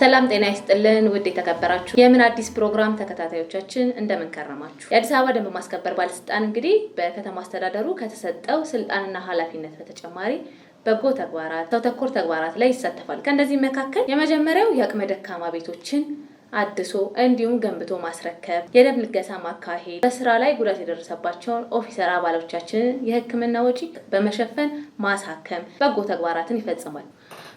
ሰላም ጤና ይስጥልን ውድ የተከበራችሁ የምን አዲስ ፕሮግራም ተከታታዮቻችን እንደምን የአዲስ አበባ ደንብ ማስከበር ባለስልጣን እንግዲህ በከተማ አስተዳደሩ ከተሰጠው ስልጣንና ኃላፊነት በተጨማሪ በጎ ተግባራት፣ ሰው ተኮር ተግባራት ላይ ይሳተፋል። ከእነዚህም መካከል የመጀመሪያው የአቅመ ደካማ ቤቶችን አድሶ እንዲሁም ገንብቶ ማስረከብ፣ የደም ልገሳ ማካሄድ፣ በስራ ላይ ጉዳት የደረሰባቸውን ኦፊሰር አባሎቻችንን የሕክምና ወጪ በመሸፈን ማሳከም በጎ ተግባራትን ይፈጽማል።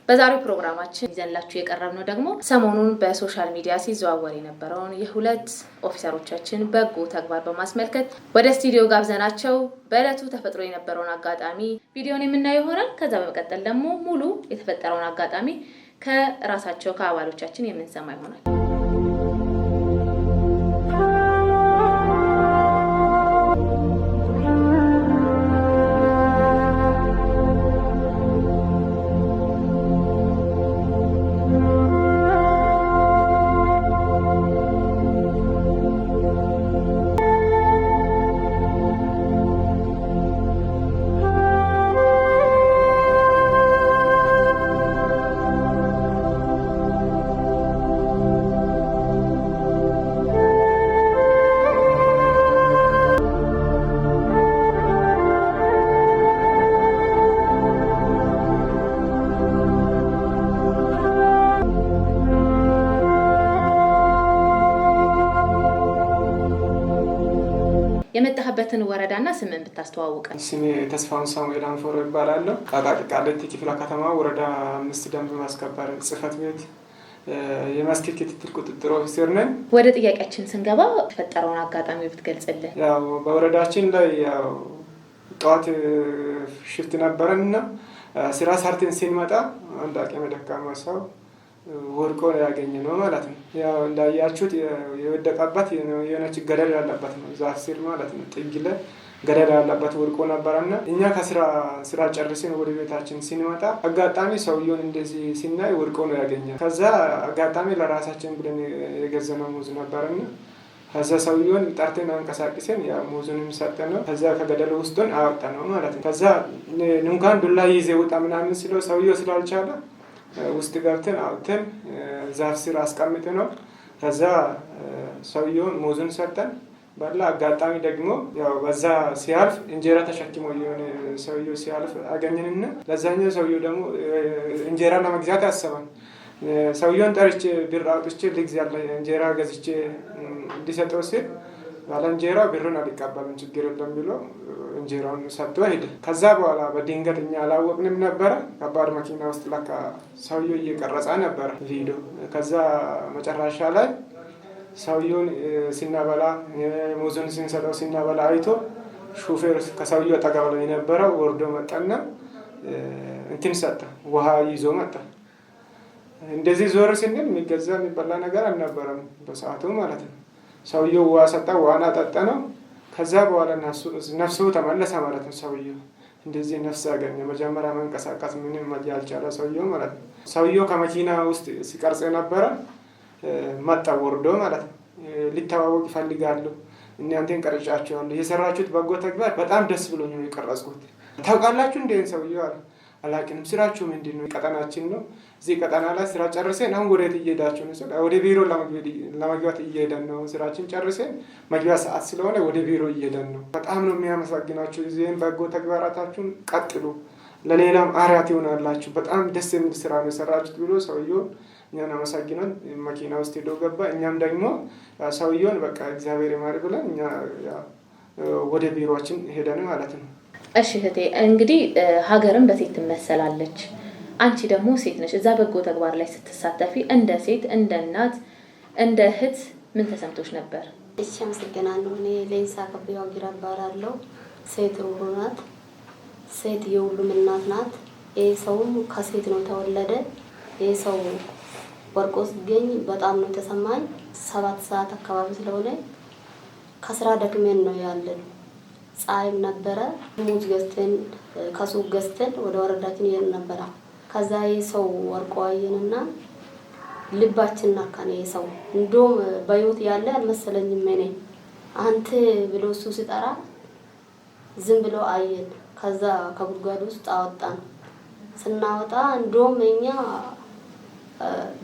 በዛሬው ፕሮግራማችን ይዘንላችሁ የቀረብነው ደግሞ ሰሞኑን በሶሻል ሚዲያ ሲዘዋወር የነበረውን የሁለት ኦፊሰሮቻችን በጎ ተግባር በማስመልከት ወደ ስቱዲዮ ጋብዘናቸው በእለቱ ተፈጥሮ የነበረውን አጋጣሚ ቪዲዮን የምናየው ይሆናል። ከዛ በመቀጠል ደግሞ ሙሉ የተፈጠረውን አጋጣሚ ከራሳቸው ከአባሎቻችን የምንሰማ ይሆናል። የምትሰራበትን ወረዳና ስምን ብታስተዋውቀ። ስሜ ተስፋውን ሳሙኤል አንፎሮ ይባላለሁ። አቃቂ ቃሊቲ ክፍለ ከተማ ወረዳ አምስት ደንብ ማስከበር ጽህፈት ቤት የመስኪት ክትትል ቁጥጥር ኦፊሰር ነን። ወደ ጥያቄያችን ስንገባ የተፈጠረውን አጋጣሚ ብትገልጽልን። ያው በወረዳችን ላይ ያው ጠዋት ሽፍት ነበረን እና ስራ ሰርተን ስንመጣ አንድ አቅመ ደካማ ሰው ወድቆ ያገኘ ነው ማለት ነው። ያው እንዳያችሁት የወደቀበት የሆነች ገደል ያለበት ነው። እዛ ስር ማለት ነው ጥግ ላይ ገደል ያለበት ወድቆ ነበረና እኛ ከስራ ስራ ጨርሰን ወደ ቤታችን ስንመጣ አጋጣሚ ሰውየውን እንደዚህ ሲናይ ወድቆ ነው ያገኘ። ከዛ አጋጣሚ ለራሳችን ብለን የገዘነው ሙዝ ነበርና ከዛ ሰውየውን ጠርተን አንቀሳቅሰን ያ የሚሰጠ ነው። ከዛ ከገደል ውስጡን አወጣ ነው ማለት ነው። ከዛ እንኳን ዱላ ይዜ ውጣ ምናምን ስለው ሰውየው ስላልቻለ ውስጥ ገብተን አውጥተን ዛፍ ስር አስቀምጥ ነው። ከዛ ሰውየውን ሞዙን ሰጠን በላ። አጋጣሚ ደግሞ ያው በዛ ሲያልፍ እንጀራ ተሸክሞ የሆነ ሰውየው ሲያልፍ አገኘንና ለዛኛው ሰውየው ደግሞ እንጀራ ለመግዛት ያሰባል። ሰውየውን ጠርቼ ብር አውጥቼ ልግዛ እንጀራ ገዝቼ እንዲሰጠው ሲል ያለ እንጀራ ብርን አልቀበልም ችግር የለም ብሎ እንጀራውን ሰጥቶ ሄደ። ከዛ በኋላ በድንገት እኛ አላወቅንም ነበረ። ከባድ መኪና ውስጥ ለካ ሰውየው እየቀረጸ ነበረ ቪዲዮ። ከዛ መጨረሻ ላይ ሰውየውን ሲናበላ ሙዙን ስንሰጠው ሲናበላ አይቶ ሹፌር ከሰውየው አጠገብ ላይ የነበረው ወርዶ መጣና እንትን ሰጠ፣ ውሃ ይዞ መጣ። እንደዚህ ዞር ስንል የሚገዛ የሚበላ ነገር አልነበረም በሰዓቱ ማለት ነው። ሰውየው ውሃ ሰጠው፣ ዋና ጠጠ ነው። ከዛ በኋላ ነፍሱ ተመለሰ ማለት ነው። ሰውየው እንደዚህ ነፍስ ያገኘ መጀመሪያ መንቀሳቀስ ምንም ያልቻለ ሰውየው ማለት ነው። ሰውየው ከመኪና ውስጥ ሲቀርጽ የነበረ መጣ ወርዶ ማለት ነው። ሊተዋወቅ ይፈልጋሉ። እናንተን ቀርጫቸዋለሁ፣ የሰራችሁት በጎ ተግባር በጣም ደስ ብሎኝ ነው የቀረጽኩት። ታውቃላችሁ እንዴን ሰውየው አለ አላውቅንም። ስራችሁ ምንድን ነው? ቀጠናችን ነው። እዚህ ቀጠና ላይ ስራ ጨርሰን አሁን ወደ እየሄዳችሁ ነው። ወደ ቢሮ ለመግባት እየሄደን ነው። ስራችን ጨርሰን መግቢያ ሰዓት ስለሆነ ወደ ቢሮ እየሄደን ነው። በጣም ነው የሚያመሰግናችሁ። እዚህም በጎ ተግባራታችሁን ቀጥሉ፣ ለሌላም አርአያ ትሆናላችሁ። በጣም ደስ የሚል ስራ ነው የሰራችሁት ብሎ ሰውየውን እኛን አመሰግናል። መኪና ውስጥ ሄዶ ገባ። እኛም ደግሞ ሰውየውን በቃ እግዚአብሔር ይማር ብለን እኛ ወደ ቢሮችን ሄደን ማለት ነው። እሺ እህቴ እንግዲህ ሀገርን በሴት ትመሰላለች። አንቺ ደግሞ ሴት ነች እዛ በጎ ተግባር ላይ ስትሳተፊ እንደ ሴት፣ እንደ እናት፣ እንደ እህት ምን ተሰምቶች ነበር? እሺ አመሰግናለሁ። እኔ ሌንሳ ከብያ ጊራ እባላለሁ። ሴት ሩሩ ናት። ሴት የሁሉም እናት ናት። ይህ ሰውም ከሴት ነው ተወለደ። ይህ ሰው ወርቆ ሲገኝ በጣም ነው የተሰማኝ። ሰባት ሰዓት አካባቢ ስለሆነ ከስራ ደክሜን ነው ያለን ፀሐይም ነበረ። ሙዝ ገዝተን ከሱቅ ገዝተን ወደ ወረዳችን ይሄን ነበረ። ከዛ የሰው ወርቆ አየንና ልባችን ነካን። የሰው እንዲሁም በህይወት ያለ አልመሰለኝም። እኔ አንተ ብሎ እሱ ሲጠራ ዝም ብሎ አየን። ከዛ ከጉድጓድ ውስጥ አወጣን። ስናወጣ እንዲሁም እኛ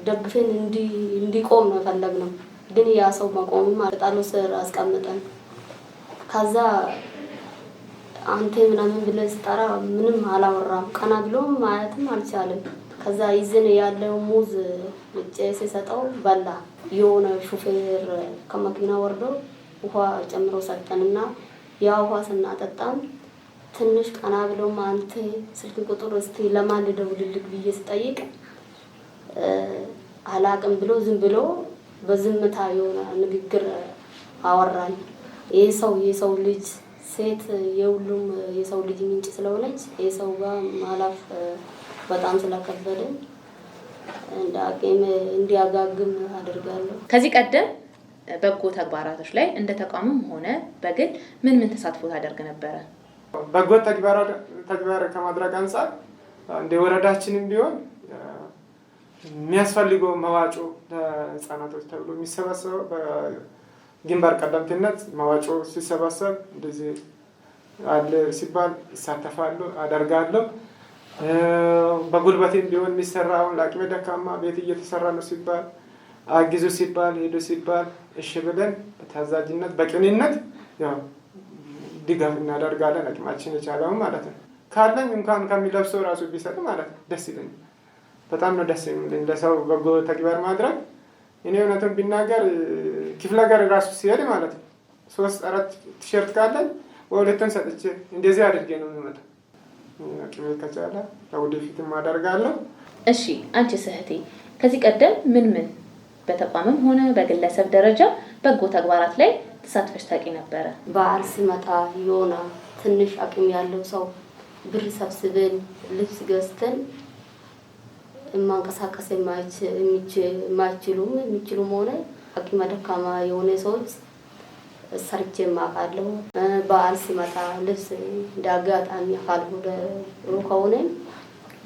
ደግፈን እንዲቆም ነው የፈለግነው፣ ግን ያ ሰው መቆምም አጣሎ ስር አስቀምጠን ከዛ አንተ ምናምን ብለህ ስጠራ ምንም አላወራም። ቀና ብሎም ማየትም አልቻለም። ከዛ ይዝን ያለው ሙዝ ልጬ ሲሰጠው በላ። የሆነ ሹፌር ከመኪና ወርዶ ውሃ ጨምሮ ሰጠንና ያ ውሃ ስናጠጣም ትንሽ ቀና ብሎም አንተ ስልክ ቁጥር እስቲ ለማን ልደውልልክ ብዬ ስጠይቅ አላቅም ብሎ ዝም ብሎ በዝምታ የሆነ ንግግር አወራን። ይህ ሰው የሰው ልጅ ሴት የሁሉም የሰው ልጅ ምንጭ ስለሆነች የሰው ጋር ማላፍ በጣም ስለከበደኝ እንደ አቅም እንዲያጋግም አድርጋለሁ። ከዚህ ቀደም በጎ ተግባራቶች ላይ እንደ ተቋምም ሆነ በግል ምን ምን ተሳትፎ ታደርግ ነበረ? በጎ ተግባር ከማድረግ አንጻር እንደ ወረዳችንም ቢሆን የሚያስፈልገው መዋጮ ለህፃናቶች ተብሎ የሚሰበሰበው ግንባር ቀደምትነት መዋጮ ሲሰባሰብ እንደዚህ አለ ሲባል ይሳተፋሉ አደርጋለሁ። በጉልበቴም ቢሆን የሚሰራ አሁን ለአቅሜ ደካማ ቤት እየተሰራ ነው ሲባል አግዙ ሲባል ሄዱ ሲባል እሺ ብለን በታዛጅነት በቅንነት ድጋፍ እናደርጋለን። አቅማችን የቻለው ማለት ነው። ካለኝ እንኳን ከሚለብሰው ራሱ ቢሰጥ ማለት ነው ደስ ይለኝ። በጣም ነው ደስ የሚለኝ ለሰው በጎ ተግባር ማድረግ እኔ እውነቱን ቢናገር ክፍለ ሀገር ራሱ ሲሄድ ማለት ነው ሶስት አራት ቲሸርት ካለን ወሁለትን ሰጥቼ እንደዚህ አድርጌ ነው የሚመጣ። ቅሜ ከቻለ ለወደፊትም አደርጋለሁ። እሺ አንቺ ስህቴ ከዚህ ቀደም ምን ምን በተቋምም ሆነ በግለሰብ ደረጃ በጎ ተግባራት ላይ ተሳትፈሽ ታውቂ ነበረ? በዓል ሲመጣ የሆነ ትንሽ አቅም ያለው ሰው ብር ሰብስበን ልብስ ገዝተን ማንቀሳቀስ የማይችሉም የሚችሉም ሆነ አቅመ ደካማ የሆነ ሰዎች ሰርቼ ማቃለሁ። በዓል ሲመጣ ልብስ እንደ አጋጣሚ አካል ከሆነ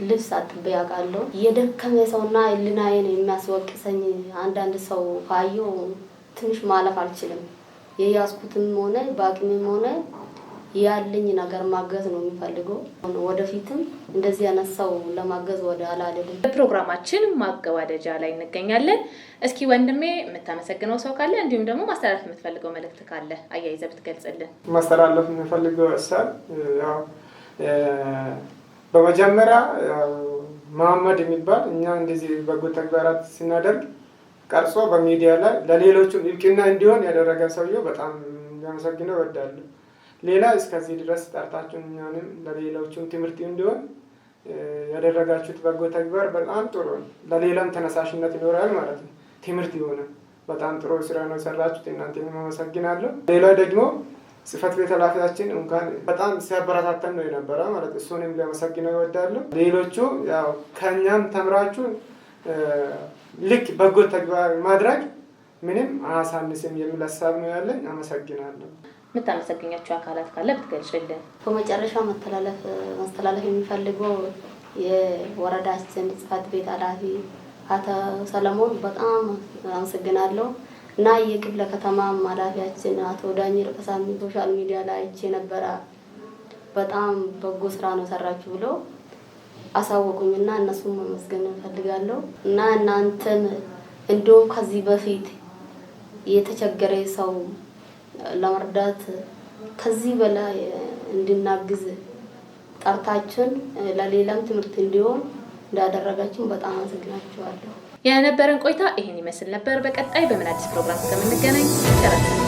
ልብስ አጥቤ ያውቃለሁ። የደከመ ሰውና ህሊናዬን የሚያስወቅሰኝ አንዳንድ ሰው ካየው ትንሽ ማለፍ አልችልም። የያዝኩትም ሆነ በአቅሜም ሆነ ያለኝ ነገር ማገዝ ነው የሚፈልገው። ወደፊትም እንደዚህ ያነሳው ለማገዝ ወደ አላደግም። በፕሮግራማችን ማገባደጃ ላይ እንገኛለን። እስኪ ወንድሜ የምታመሰግነው ሰው ካለ እንዲሁም ደግሞ ማስተላለፍ የምትፈልገው መልእክት ካለ አያይዘህ ብትገልጽልን። ማስተላለፍ የምፈልገው እሳል በመጀመሪያ መሀመድ የሚባል እኛ እንደዚህ በጎ ተግባራት ስናደርግ ቀርጾ በሚዲያ ላይ ለሌሎቹም እውቅና እንዲሆን ያደረገ ሰውየው በጣም ሊያመሰግነው እወዳለሁ። ሌላ እስከዚህ ድረስ ጠርታችሁ እኛንም ለሌሎቹም ትምህርት እንዲሆን ያደረጋችሁት በጎ ተግባር በጣም ጥሩ ነው። ለሌላም ተነሳሽነት ይኖራል ማለት ነው። ትምህርት የሆነ በጣም ጥሩ ስራ ነው የሰራችሁት። እናንተ አመሰግናለሁ። ሌላ ደግሞ ጽህፈት ቤት ኃላፊያችን እንኳን በጣም ሲያበረታተን ነው የነበረ ማለት እሱንም ሊያመሰግነው ይወዳለሁ። ሌሎቹ ያው ከእኛም ተምራችሁ ልክ በጎ ተግባር ማድረግ ምንም አያሳንስም የሚል ሀሳብ ነው ያለን። አመሰግናለሁ። የምታመሰግኛቸው አካላት ካለ ብትገልጭልን። በመጨረሻ መተላለፍ ማስተላለፍ የሚፈልገው የወረዳችን ጽሕፈት ቤት ኃላፊ አቶ ሰለሞን በጣም አመሰግናለሁ እና የክፍለ ከተማ ኃላፊያችን አቶ ዳኝ ቀሳሚ ሶሻል ሚዲያ ላይ አይቼ ነበረ በጣም በጎ ስራ ነው ሰራችሁ ብሎ አሳወቁኝና እነሱም መመስገን እፈልጋለሁ እና እናንተም እንደውም ከዚህ በፊት የተቸገረ ሰው ለመርዳት ከዚህ በላይ እንድናግዝ ጠርታችን ለሌላም ትምህርት እንዲሆን እንዳደረጋችን በጣም አመሰግናችኋለሁ። የነበረን ቆይታ ይህን ይመስል ነበር። በቀጣይ በምን አዲስ ፕሮግራም እስከምንገናኝ ጨረስ